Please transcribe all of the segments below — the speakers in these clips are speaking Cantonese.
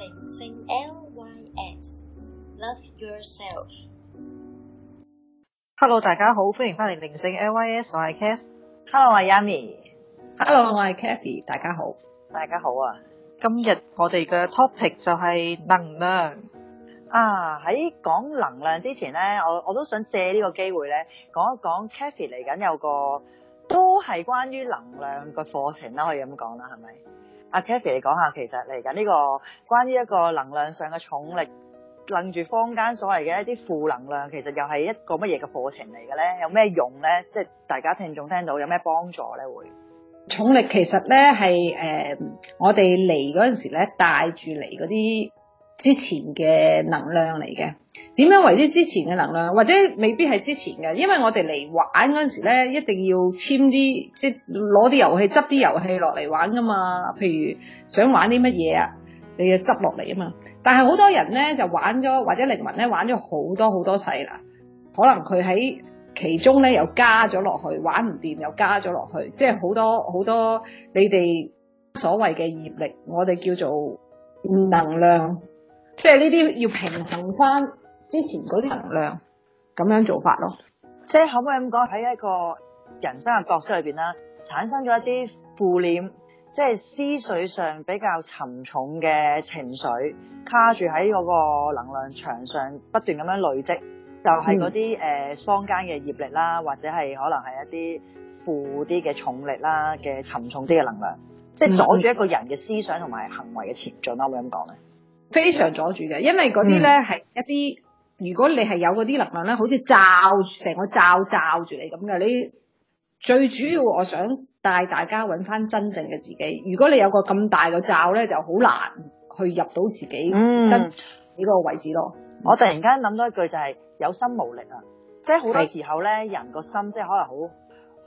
靈性 L Y S Love Yourself。Hello，大家好，歡迎翻嚟靈性 L Y S，我係 Kess。Hello，我係 Yami。Hello，我係 Kathy。大家好，大家好啊！今日我哋嘅 topic 就係能量啊！喺講能量之前咧，我我都想借呢個機會咧，講一講 Kathy 嚟緊有個都係關於能量嘅課程啦，可以咁講啦，係咪？阿 Kathy 嚟講下，其實嚟緊呢個關於一個能量上嘅重力，掹住坊間所謂嘅一啲負能量，其實又係一個乜嘢嘅過程嚟嘅咧？有咩用咧？即係大家聽眾聽到有咩幫助咧？會重力其實咧係誒，我哋嚟嗰陣時咧帶住嚟嗰啲。之前嘅能量嚟嘅，點樣為之之前嘅能量？或者未必係之前嘅，因為我哋嚟玩嗰陣時咧，一定要簽啲即係攞啲遊戲執啲遊戲落嚟玩噶嘛。譬如想玩啲乜嘢啊，你就執落嚟啊嘛。但係好多人咧就玩咗，或者靈魂咧玩咗好多好多世啦。可能佢喺其中咧又加咗落去，玩唔掂又加咗落去，即係好多好多你哋所謂嘅業力，我哋叫做能量。嗯。即係呢啲要平衡翻之前嗰啲能量，咁樣做法咯。即係可唔可以咁講，喺一個人生嘅角色裏邊啦，產生咗一啲負念，即係思緒上比較沉重嘅情緒，卡住喺嗰個能量場上，不斷咁樣累積，就係嗰啲誒雙肩嘅業力啦，嗯、或者係可能係一啲負啲嘅重力啦嘅沉重啲嘅能量，即係阻住一個人嘅思想同埋行為嘅前進，可唔可以咁講咧？非常阻住嘅，因為嗰啲咧係一啲，如果你係有嗰啲能量咧，好似罩成個罩罩住你咁嘅。你最主要，我想帶大家揾翻真正嘅自己。如果你有個咁大個罩咧，就好難去入到自己真呢、嗯這個位置咯。我突然間諗到一句就係有心無力啊，即係好多時候咧，人個心即係可能好。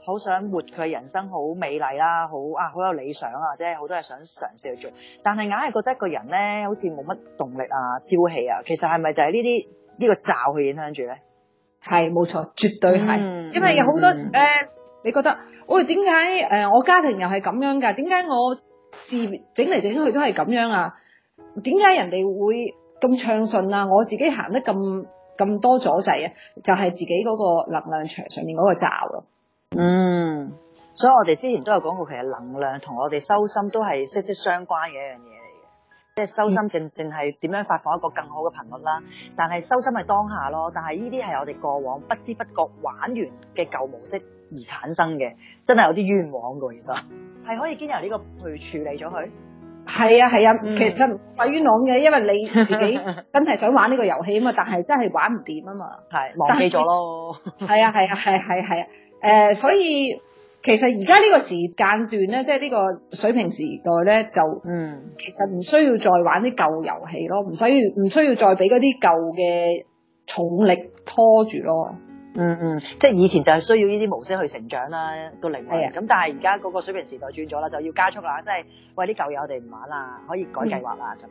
好想活佢人生好美麗啦，好啊，好有理想啊，即係好多嘢想嘗試去做，但係硬係覺得一個人咧，好似冇乜動力啊，朝氣啊。其實係咪就係呢啲呢個罩去影響住咧？係冇錯，絕對係，因為有好多時咧，你覺得，喂，點解誒我家庭又係咁樣㗎？點解我事業整嚟整去都係咁樣啊？點解人哋會咁暢順啊？我自己行得咁咁多阻滯啊？就係自己嗰個能量場上面嗰個罩咯。嗯，所以我哋之前都有講過，其實能量同我哋修心都係息息相關嘅一樣嘢嚟嘅，即係修心正正係點樣發放一個更好嘅頻率啦。但係修心係當下咯，但係呢啲係我哋過往不知不覺玩完嘅舊模式而產生嘅，真係有啲冤枉噶，其實係可以經由呢個去處理咗佢。係啊係啊，是啊，嗯、其實怪冤枉嘅，因為你自己真係想玩呢個遊戲啊嘛， 但係真係玩唔掂啊嘛，係忘記咗咯。係啊係啊係係係啊，誒、啊啊啊啊啊啊，呃，所以其實而家呢個時間段咧，即係呢個水平時代咧，就嗯，其實唔需要再玩啲舊遊戲咯，唔需要唔需要再俾嗰啲舊嘅重力拖住咯。嗯嗯，即係以前就係需要呢啲模式去成長啦個靈魂，咁、啊、但係而家嗰個水平時代轉咗啦，就要加速啦，即係喂啲舊友我哋唔玩啦，可以改計劃啦，咁、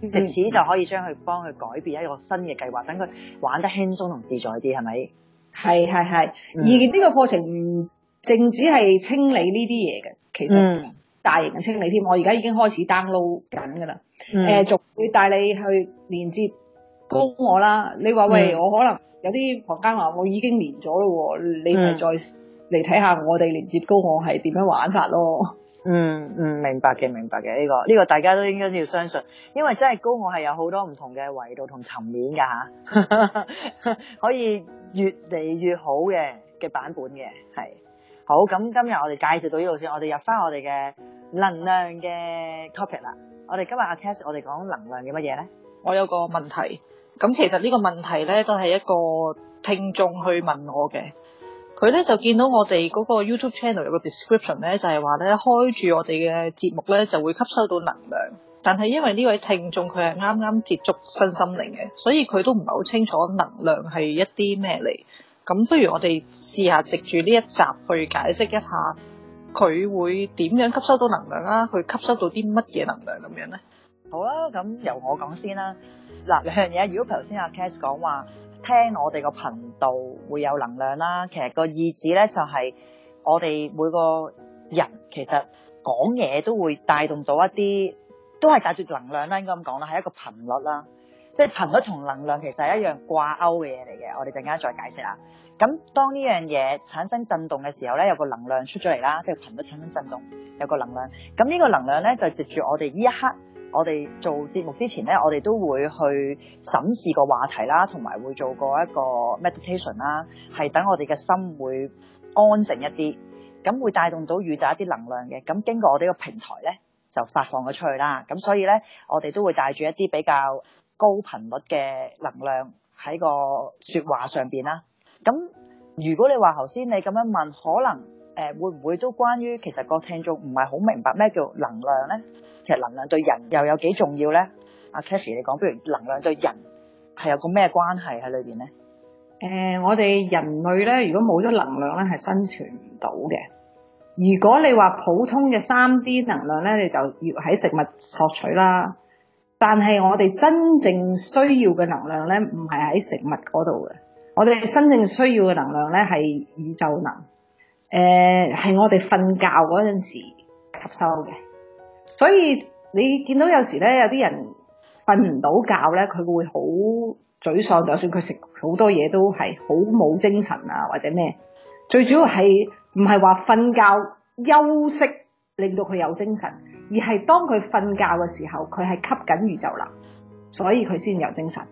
嗯、樣，嗯、其次就可以將佢幫佢改變一個新嘅計劃，等佢玩得輕鬆同自在啲，係咪？係係係，而呢個課程唔淨止係清理呢啲嘢嘅，其實大型嘅清理添、嗯，我而家已經開始 download 緊噶啦，誒、嗯，仲會帶你去連接。高我啦！你話喂、嗯，我可能有啲房間話我已經連咗咯，你咪再嚟睇下我哋連接高我係點樣玩法咯？嗯嗯，明白嘅，明白嘅呢、呢個呢、呢個大家都應該要相信，因為真係高我係有好多唔同嘅維度同層面噶吓， 可以越嚟越好嘅嘅版本嘅係。好咁，今日我哋介紹到呢度先，我哋入翻我哋嘅能量嘅 topic 啦。我哋今日阿 Cass，我哋講能量嘅乜嘢咧？我有個問題。咁其實呢個問題呢都係一個聽眾去問我嘅。佢呢就見到我哋嗰個 YouTube channel 有個 description 呢，就係話呢開住我哋嘅節目呢就會吸收到能量。但係因為呢位聽眾佢係啱啱接觸身心靈嘅，所以佢都唔係好清楚能量係一啲咩嚟。咁不如我哋試下藉住呢一集去解釋一下，佢會點樣吸收到能量啦？佢吸收到啲乜嘢能量咁樣呢？好啦，咁由我講先啦。嗱，兩樣嘢。如果頭先阿 Cash 講話聽我哋個頻道會有能量啦，其實個意志咧，就係我哋每個人其實講嘢都會帶動到一啲，都係帶住能量啦。應該咁講啦，係一個頻率啦，即係頻率同能量其實係一樣掛鈎嘅嘢嚟嘅。我哋陣間再解釋啦。咁當呢樣嘢產生震動嘅時候咧，有個能量出咗嚟啦，即係頻率產生震動，有個能量。咁呢個能量咧，就接住我哋呢一刻。我哋做節目之前呢，我哋都會去審視個話題啦，同埋會做過一個 meditation 啦，係等我哋嘅心會安靜一啲，咁會帶動到宇宙一啲能量嘅，咁經過我哋個平台呢，就發放咗出去啦。咁所以呢，我哋都會帶住一啲比較高頻率嘅能量喺個說話上面啦。咁如果你話頭先你咁樣問，可能？誒會唔會都關於其實個聽眾唔係好明白咩叫能量咧？其實能量對人又有幾重要咧？阿 Kathy 嚟講，不如能量對人係有個咩關係喺裏邊咧？誒，我哋人類咧，如果冇咗能量咧，係生存唔到嘅。如果你話普通嘅三 D 能量咧，你就要喺食物索取啦。但係我哋真正需要嘅能量咧，唔係喺食物嗰度嘅。我哋真正需要嘅能量咧，係宇宙能。誒，係我哋瞓覺嗰陣時吸收嘅，所以你見到有時咧，有啲人瞓唔到覺咧，佢會好沮喪，就算佢食好多嘢都係好冇精神啊，或者咩？最主要係唔係話瞓覺休息令到佢有精神，而係當佢瞓覺嘅時候，佢係吸緊宇宙啦，所以佢先有精神。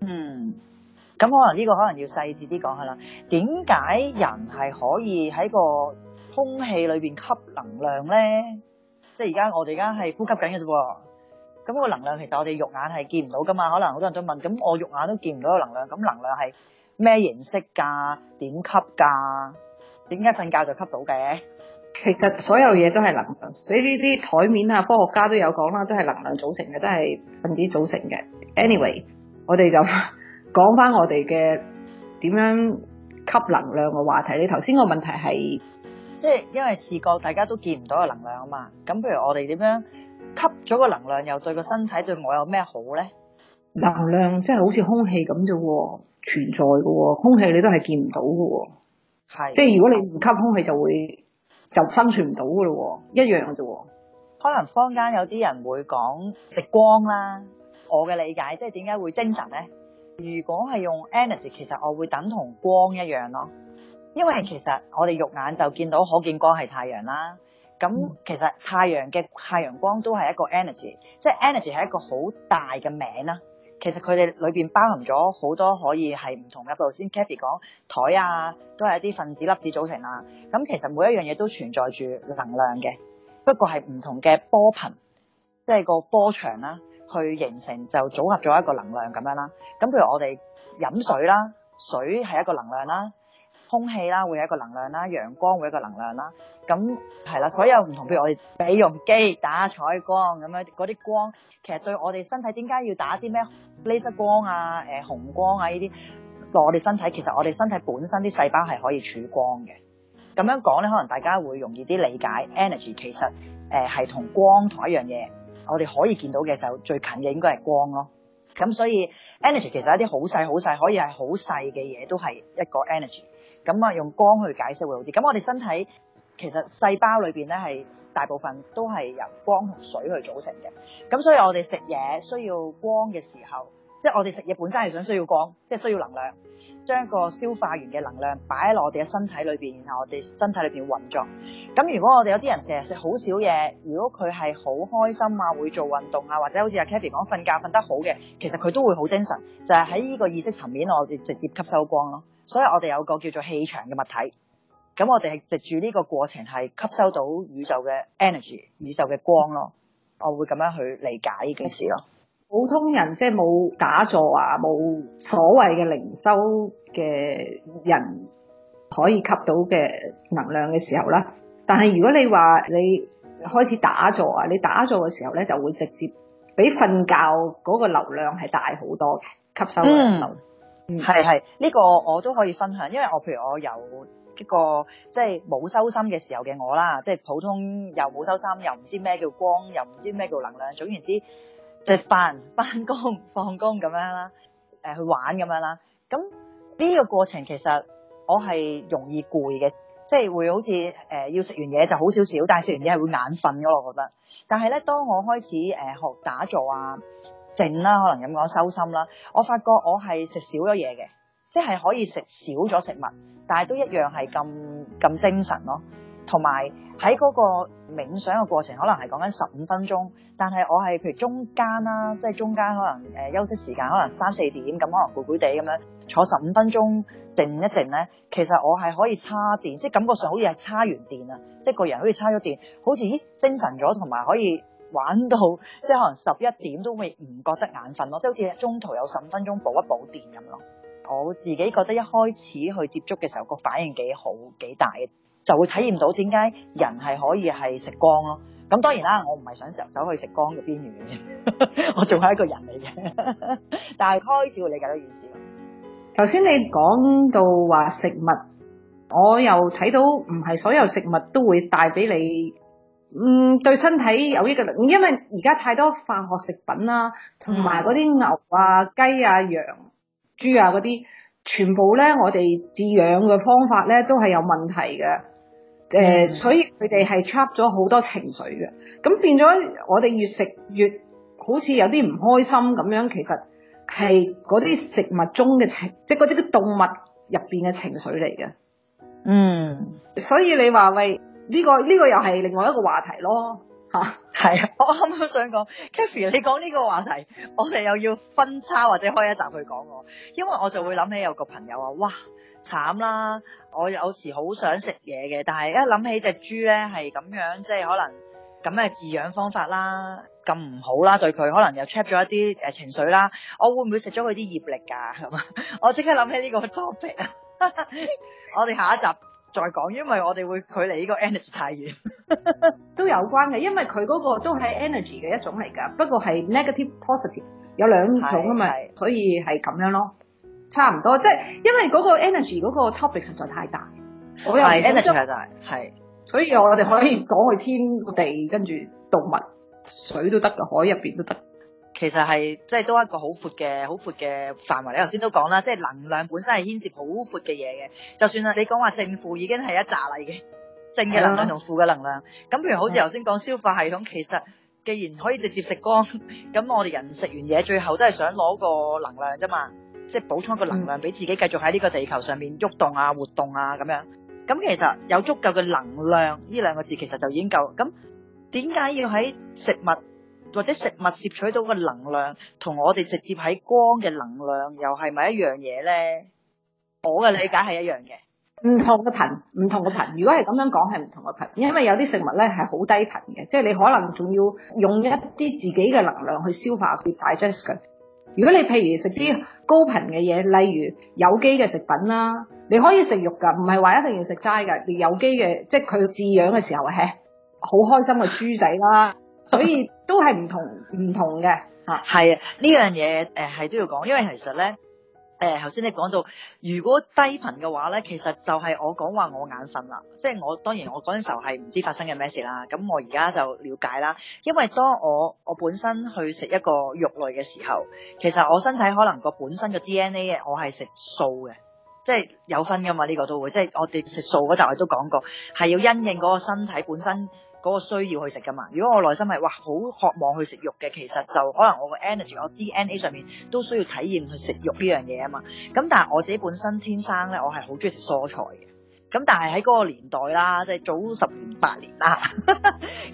嗯。咁可能呢個可能要細緻啲講下啦。點解人係可以喺個空氣裏邊吸能量咧？即係而家我哋而家係呼吸緊嘅啫噃。咁個能量其實我哋肉眼係見唔到噶嘛可能好多人都問，咁我肉眼都見唔到個能量。咁能量係咩形式噶？點吸噶？點解瞓覺就吸到嘅？其實所有嘢都係能量，所以呢啲台面啊科學家都有講啦，都係能量組成嘅，都係分子組成嘅。Anyway，我哋就。講翻我哋嘅點樣吸能量嘅話題，你頭先個問題係，即係因為視覺大家都見唔到個能量啊嘛，咁譬如我哋點樣吸咗個能量，又對個身體對我有咩好咧？能量即係好似空氣咁啫，存在嘅，空氣你都係見唔到㗎係，即係如果你唔吸空氣就會就生存唔到噶咯，一樣嘅啫。可能坊間有啲人會講食光啦，我嘅理解即係點解會精神咧？如果係用 energy，其實我會等同光一樣咯，因為其實我哋肉眼就見到可見光係太陽啦。咁其實太陽嘅太陽光都係一個 energy，即係 energy 係一個好大嘅名啦。其實佢哋裏面包含咗好多可以係唔同嘅，頭先 Cathy 講枱啊，都係一啲分子粒子組成啦。咁其實每一樣嘢都存在住能量嘅，不過係唔同嘅波頻，即係個波長啦。去形成就組合咗一個能量咁樣啦，咁譬如我哋飲水啦，水係一個能量啦，空氣啦會有一個能量啦，陽光會一個能量啦，咁係啦，所有唔同，譬如我哋美容機打彩光咁樣嗰啲光，其實對我哋身體點解要打啲咩 laser 光啊、誒、呃、紅光啊呢啲，我哋身體其實我哋身體本身啲細胞係可以儲光嘅。咁樣講咧，可能大家會容易啲理解，energy 其實誒，係、呃、同光同一樣嘢。我哋可以見到嘅就最近嘅應該係光咯，咁所以 energy 其實一啲好細好細，可以係好細嘅嘢都係一個 energy，咁啊，用光去解釋會好啲。咁我哋身體其實細胞裏邊咧係大部分都係由光同水去組成嘅，咁所以我哋食嘢需要光嘅時候。即係我哋食嘢本身係想需要光，即係需要能量，將一個消化完嘅能量擺喺我哋嘅身體裏邊，然後我哋身體裏邊運作。咁如果我哋有啲人成日食好少嘢，如果佢係好開心啊，會做運動啊，或者好似阿 Kathy 講，瞓覺瞓得好嘅，其實佢都會好精神。就係喺呢個意識層面，我哋直接吸收光咯。所以我哋有個叫做氣場嘅物體，咁我哋係藉住呢個過程係吸收到宇宙嘅 energy、宇宙嘅光咯。我會咁樣去理解呢件事咯。普通人即係冇打坐啊，冇所謂嘅靈修嘅人可以吸到嘅能量嘅時候啦。但係如果你話你開始打坐啊，你打坐嘅時候呢，就會直接比瞓覺嗰個流量係大好多嘅吸收嘅能量。嗯，係係呢個我都可以分享，因為我譬如我有一個即係冇修心嘅時候嘅我啦，即係普通又冇修心，又唔知咩叫光，又唔知咩叫能量，總言之。食飯、翻工、放工咁樣啦，誒去玩咁樣啦，咁呢個過程其實我係容易攰嘅，即係會好似誒要食完嘢就好少少，但係食完嘢係會眼瞓咯，我覺得。但係咧，當我開始誒學、呃、打坐啊、靜啦，可能咁講修心啦，我發覺我係食少咗嘢嘅，即係可以食少咗食物，但係都一樣係咁咁精神咯。同埋喺嗰個冥想嘅過程，可能係講緊十五分鐘，但係我係譬如中間啦，即係中間可能誒休息時間，可能三四點咁，可能攰攰地咁樣坐十五分鐘靜一靜咧，其實我係可以叉電，即係感覺上好似係叉完電啊，即係個人好似叉咗電，好似咦精神咗，同埋可以玩到即係可能十一點都會唔覺得眼瞓咯，即係好似中途有十五分鐘補一補電咁咯。我自己覺得一開始去接觸嘅時候，個反應幾好幾大。就會體驗到點解人係可以係食光咯。啊，咁當然啦，我唔係想走走去食光嘅邊緣， 我仲係一個人嚟嘅， 但係開始會理解到件事。頭先你講到話食物，我又睇到唔係所有食物都會帶俾你，嗯，對身體有益嘅，因為而家太多化學食品啦，同埋嗰啲牛啊、雞啊、羊啊、豬啊嗰啲。全部咧，我哋飼養嘅方法咧都係有問題嘅，誒、嗯呃，所以佢哋係 charge 咗好多情緒嘅，咁變咗我哋越食越好似有啲唔開心咁樣，其實係嗰啲食物中嘅情，即係嗰啲動物入邊嘅情緒嚟嘅，嗯，所以你話喂呢、呢個呢、呢個又係另外一個話題咯。吓，係啊！ 我啱啱想講，Kathy，你講呢個話題，我哋又要分叉或者開一集去講我，因為我就會諗起有個朋友啊，哇，慘啦！我有時好想食嘢嘅，但係一諗起隻豬咧係咁樣，即係可能咁嘅飼養方法啦，咁唔好啦，對佢可能又 check 咗一啲誒情緒啦，我會唔會食咗佢啲業力噶？ 我即刻諗起呢個 topic 啊！ 我哋下一集。再講，因為我哋會距離呢個 energy 太遠， 都有關嘅，因為佢嗰個都係 energy 嘅一種嚟㗎，不過係 negative positive 有兩種啊嘛，是是所以係咁樣咯，差唔多，即係因為嗰個 energy 嗰個 topic 實在太大，我係 energy 太大，係，所以我哋可以講去天地，跟住動物、是是水都得，海入面都得。其實係即係都係一個好闊嘅好闊嘅範圍，你頭先都講啦，即係能量本身係牽涉好闊嘅嘢嘅。就算啊，你講話正負已經係一例嘅正嘅能量同負嘅能量。咁譬如好似頭先講消化系統，其實既然可以直接食光，咁我哋人食完嘢最後都係想攞個能量啫嘛，即係補充個能量俾自己繼續喺呢個地球上面喐動動啊、活動啊咁樣。咁其實有足夠嘅能量呢兩個字，其實就已經夠。咁點解要喺食物？或者食物攝取到嘅能量，同我哋直接喺光嘅能量，又係咪一樣嘢咧？我嘅理解係一樣嘅，唔同嘅頻，唔同嘅頻。如果係咁樣講，係唔同嘅頻，因為有啲食物咧係好低頻嘅，即係你可能仲要用一啲自己嘅能量去消化去 digest 佢。如果你譬如食啲高頻嘅嘢，例如有機嘅食品啦，你可以食肉噶，唔係話一定要食齋噶。有機嘅，即係佢飼養嘅時候係好開心嘅豬仔啦。 所以都係唔同唔同嘅。吓，係啊！呢樣嘢誒，係都要講，因為其實咧，誒頭先你講到，如果低頻嘅話咧，其實就係我講話我眼瞓啦，即係我當然我嗰陣時候係唔知發生緊咩事啦，咁我而家就了解啦。因為當我我本身去食一個肉類嘅時候，其實我身體可能個本身嘅 DNA 我係食素嘅，即係有分噶嘛。呢、這個都會，即係我哋食素嗰陣我都講過，係要因應嗰個身體本身。嗰、那個需要去食㗎嘛？如果我內心係哇，好渴望去食肉嘅，其實就可能我個 energy、我 DNA 上面都需要體驗去食肉呢樣嘢啊嘛。咁但係我自己本身天生咧，我係好中意食蔬菜嘅。咁但係喺嗰個年代啦，即、就、係、是、早十年八年啦，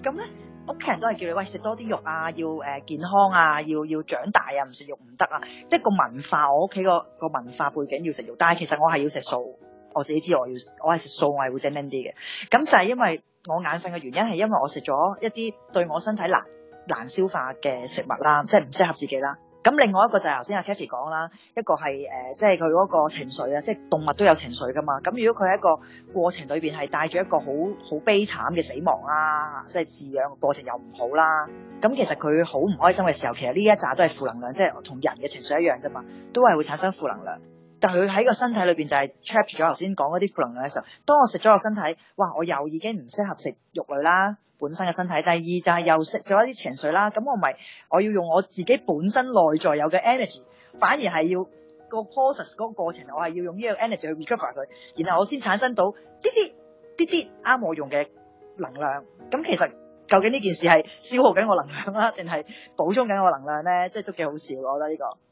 咁咧屋企人都係叫你喂，食多啲肉啊，要、呃、健康啊，要要長大啊，唔食肉唔得啊！即係個文化，我屋企、那個文化背景要食肉，但係其實我係要食素。我自己知我要我係食素，我係會精明啲嘅。咁就係因為我眼瞓嘅原因，係因為我食咗一啲對我身體難難消化嘅食物啦，即係唔適合自己啦。咁另外一個就係頭先阿 Kathy 講啦，一個係誒，即係佢嗰個情緒啊，即係動物都有情緒噶嘛。咁如果佢係一個過程裏邊係帶住一個好好悲慘嘅死亡啦，即係飼養過程又唔好啦，咁其實佢好唔開心嘅時候，其實呢一紮都係負能量，即係同人嘅情緒一樣啫嘛，都係會產生負能量。但佢喺個身體裏邊就係 trap 咗，頭先講嗰啲負能量嘅時候，當我食咗個身體，哇！我又已經唔適合食肉類啦，本身嘅身體，第二就係又食咗啲情緒啦，咁我咪我要用我自己本身內在有嘅 energy，反而係要個 process 嗰個過程，我係要用呢個 energy 去 recover 佢，然後我先產生到啲啲啲啲啱我用嘅能量。咁其實究竟呢件事係消耗緊我能量啦，定係補充緊我能量咧？即係都幾好笑，我覺得呢個。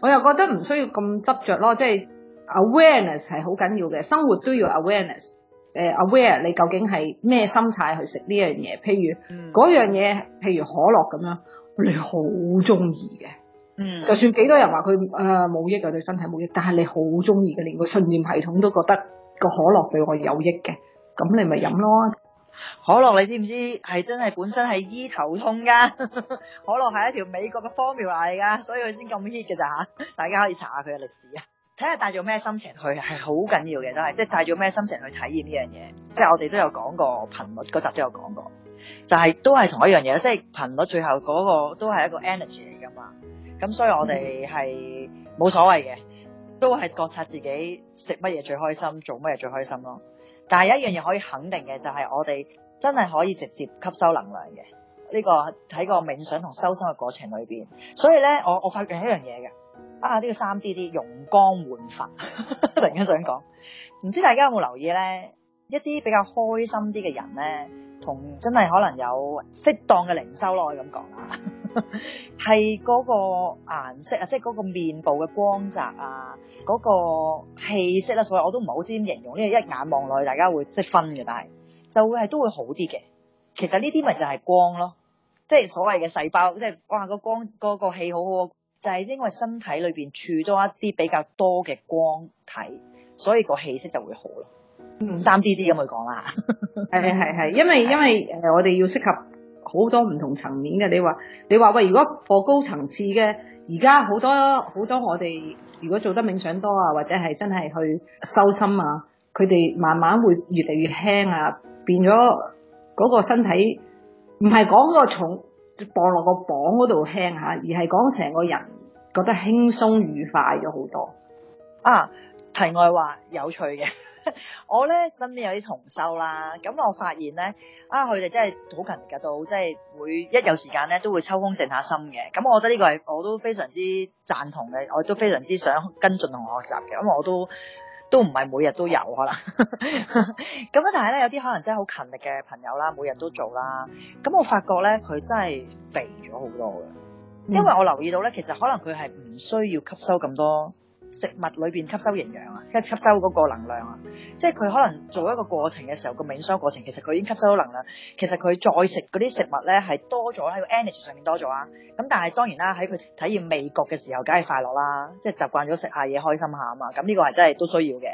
我又覺得唔需要咁執着咯，即係 awareness 係好緊要嘅，生活都要 awareness。誒 aware 你究竟係咩心態去食呢樣嘢？譬如嗰樣嘢，譬如可樂咁樣，你好中意嘅。嗯，就算幾多人話佢誒冇益呀，對、呃、身體冇益，但係你好中意嘅，連個信念系統都覺得個可樂對我有益嘅，咁你咪飲咯。可樂你知唔知係真係本身係醫頭痛噶？ 可樂係一條美國嘅 formula 嚟噶，所以佢先咁 hit 嘅咋吓？大家可以查下佢嘅歷史啊，睇下帶咗咩心情去係好緊要嘅，都係即係帶咗咩心情去體驗呢樣嘢，即係我哋都有講過頻率嗰集都有講過，就係都係同一樣嘢，即係頻率最後嗰個都係一個 energy 嚟噶嘛，咁所以我哋係冇所謂嘅，都係覺察自己食乜嘢最開心，做乜嘢最開心咯。但係一樣嘢可以肯定嘅就係我哋真係可以直接吸收能量嘅呢個喺個冥想同修身嘅過程裏面，所以咧我我發覺係一樣嘢嘅啊呢、這個三 D 啲容光煥發，突然間想講，唔知大家有冇留意咧？一啲比較開心啲嘅人咧，同真係可能有適當嘅靈修咯，咁講啊。係 嗰個顏色啊，即係嗰個面部嘅光澤啊，嗰、嗰個氣色啦，啊，所以我都唔係好知點形容呢，因為一眼望落去大家會即係分嘅，但係就會係都會好啲嘅。其實呢啲咪就係光咯，即係所謂嘅細胞，即係哇嗰光、嗰個光嗰個氣好好，就係、係、因為身體裏邊儲多一啲比較多嘅光體，所以嗰個氣色就會好咯。三 D 啲咁去講啦，係係係，因為因為誒我哋要適合。好多唔同層面嘅，你話你話喂，如果過高層次嘅，而家好多好多我哋如果做得冥想多啊，或者係真係去修心啊，佢哋慢慢會越嚟越輕啊，變咗嗰個身體唔係講個重，就磅落個磅嗰度輕呀，而係講成個人覺得輕鬆愉快咗好多啊。題外話有趣嘅， 我咧身邊有啲同修啦，咁我發現咧，啊佢哋真係好勤力噶，都即係會一有時間咧都會抽空靜下心嘅。咁我覺得呢個係我都非常之贊同嘅，我都非常之想跟進同學習嘅，因為我都都唔係每日都有可能 但是呢。咁啊，但係咧有啲可能真係好勤力嘅朋友啦，每日都做啦。咁我發覺咧佢真係肥咗好多嘅，因為我留意到咧，其實可能佢係唔需要吸收咁多。食物裏邊吸收營養啊，即係吸收嗰個能量啊，即係佢可能做一個過程嘅時候，mm -hmm. 個冥想過程，其實佢已經吸收咗能量。其實佢再食嗰啲食物咧係多咗喺個 energy 上面多咗啊。咁但係當然啦，喺佢體驗味覺嘅時候，梗係快樂啦。即係習慣咗食下嘢開心下啊嘛。咁呢個係真係都需要嘅。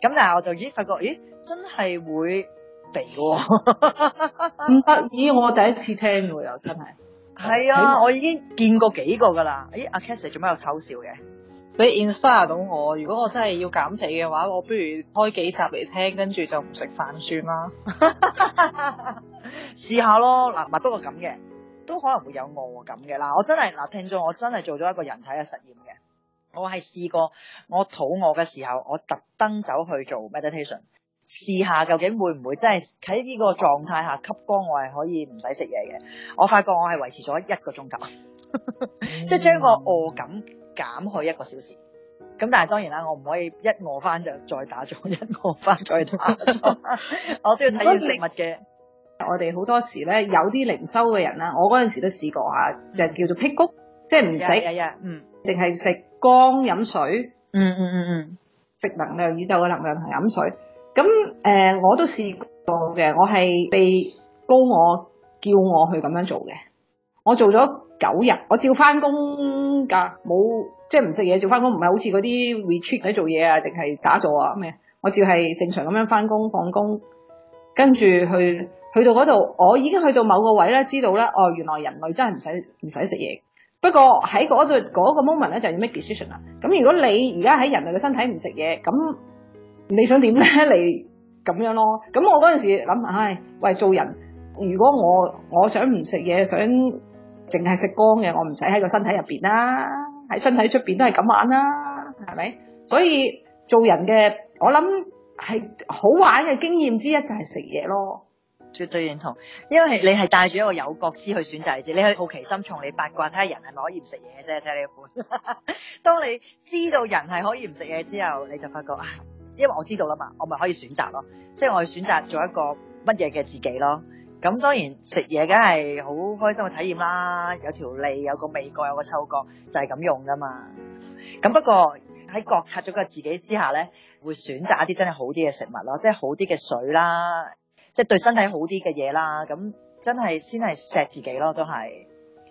咁但係，我就已經發覺，咦，真係會肥嘅，哦，咁 得意，我第一次聽喎又真係。係啊，我已經見過幾個噶啦。誒，阿 Cassie 做咩又偷笑嘅？你 inspire 到我，如果我真係要減肥嘅話，我不如開幾集嚟聽，跟住就唔食飯算啦， 試下咯。嗱，唔係，不過咁嘅，都可能會有餓感嘅啦。我真係嗱，聽咗我真係做咗一個人體嘅實驗嘅，我係試過，我肚餓嘅時候，我特登走去做 meditation，試下究竟會唔會真係喺呢個狀態下吸光，我係可以唔使食嘢嘅。我發覺我係維持咗一個鐘頭， 即係將個餓感。減去一個小時，咁但係當然啦，我唔可以一餓翻就再打坐，一餓翻再打坐，我都要睇住食物嘅。我哋好多時咧，有啲靈修嘅人啦，我嗰陣時都試過吓，就叫做辟谷，即係唔食，嗯，淨係食光飲水，嗯嗯嗯嗯，食能量宇宙嘅能量同飲水。咁誒，我都試過嘅，我係被高我叫我去咁樣做嘅。我做咗九日，我照翻工噶，冇即係唔食嘢，照翻工，唔係好似嗰啲 retreat 喺做嘢啊，淨係打坐啊咩？我照係正常咁樣翻工放工，跟住去去到嗰度，我已經去到某個位咧，知道咧哦，原來人類真係唔使唔使食嘢。不過喺嗰度嗰個 moment 咧、那個、就要 make decision 啦。咁如果你而家喺人類嘅身體唔食嘢，咁你想點咧？你咁樣咯。咁我嗰陣時諗，唉、哎、喂，做人如果我我想唔食嘢，想。淨係食光嘅，我唔使喺個身體入邊啦，喺身體出邊都係咁玩啦，係咪？所以做人嘅，我諗係好玩嘅經驗之一就係食嘢咯。絕對認同，因為你係帶住一個有覺知去選擇。你去好奇心從你八卦睇人係可以唔食嘢啫，睇你本呵呵。當你知道人係可以唔食嘢之後，你就發覺，因為我知道啦嘛，我咪可以選擇咯，即係我選擇做一個乜嘢嘅自己咯。咁當然食嘢梗係好開心嘅體驗啦，有條脷，有個味覺，有個嗅覺就係咁用噶嘛。咁不過喺覺察咗個自己之下呢，會選擇一啲真係好啲嘅食物咯，即係好啲嘅水啦，即係對身體好啲嘅嘢啦。咁真係先係錫自己咯，都係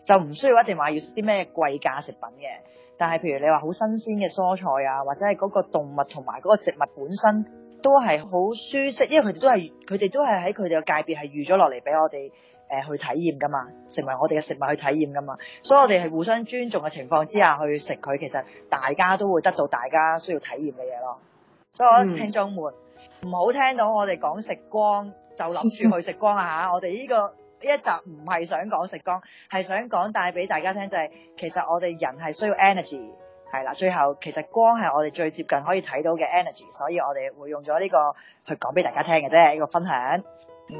就唔需要一定話要食啲咩貴價食品嘅。但係譬如你話好新鮮嘅蔬菜啊，或者係嗰個動物同埋嗰個植物本身。都係好舒適，因為佢哋都係佢哋都係喺佢哋嘅界別係預咗落嚟俾我哋誒、呃、去體驗噶嘛，成為我哋嘅食物去體驗噶嘛，所以我哋係互相尊重嘅情況之下去食佢，其實大家都會得到大家需要體驗嘅嘢咯。所以我聽眾們唔好聽到我哋講食光就諗住去食光 啊吓，我哋呢、呢個呢一集唔係想講食光，係想講帶俾大家聽就係、是，其實我哋人係需要 energy。係啦，最後其實光係我哋最接近可以睇到嘅 energy，所以我哋會用咗呢個去講俾大家聽嘅啫，呢個分享。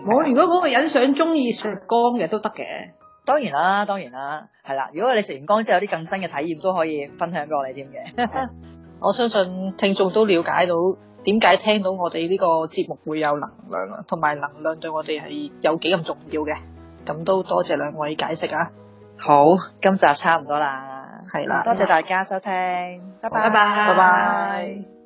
我如果嗰個人想中意食光嘅都得嘅，當然啦，當然啦，係啦。如果你食完光之後有啲更新嘅體驗都可以分享俾我哋添嘅。 我相信聽眾都了解到點解聽到我哋呢個節目會有能量啦，同埋能量對我哋係有幾咁重要嘅。咁都多謝兩位解釋啊！好，今集差唔多啦。係啦，多謝大家收聽，拜拜，拜拜，拜拜。拜拜。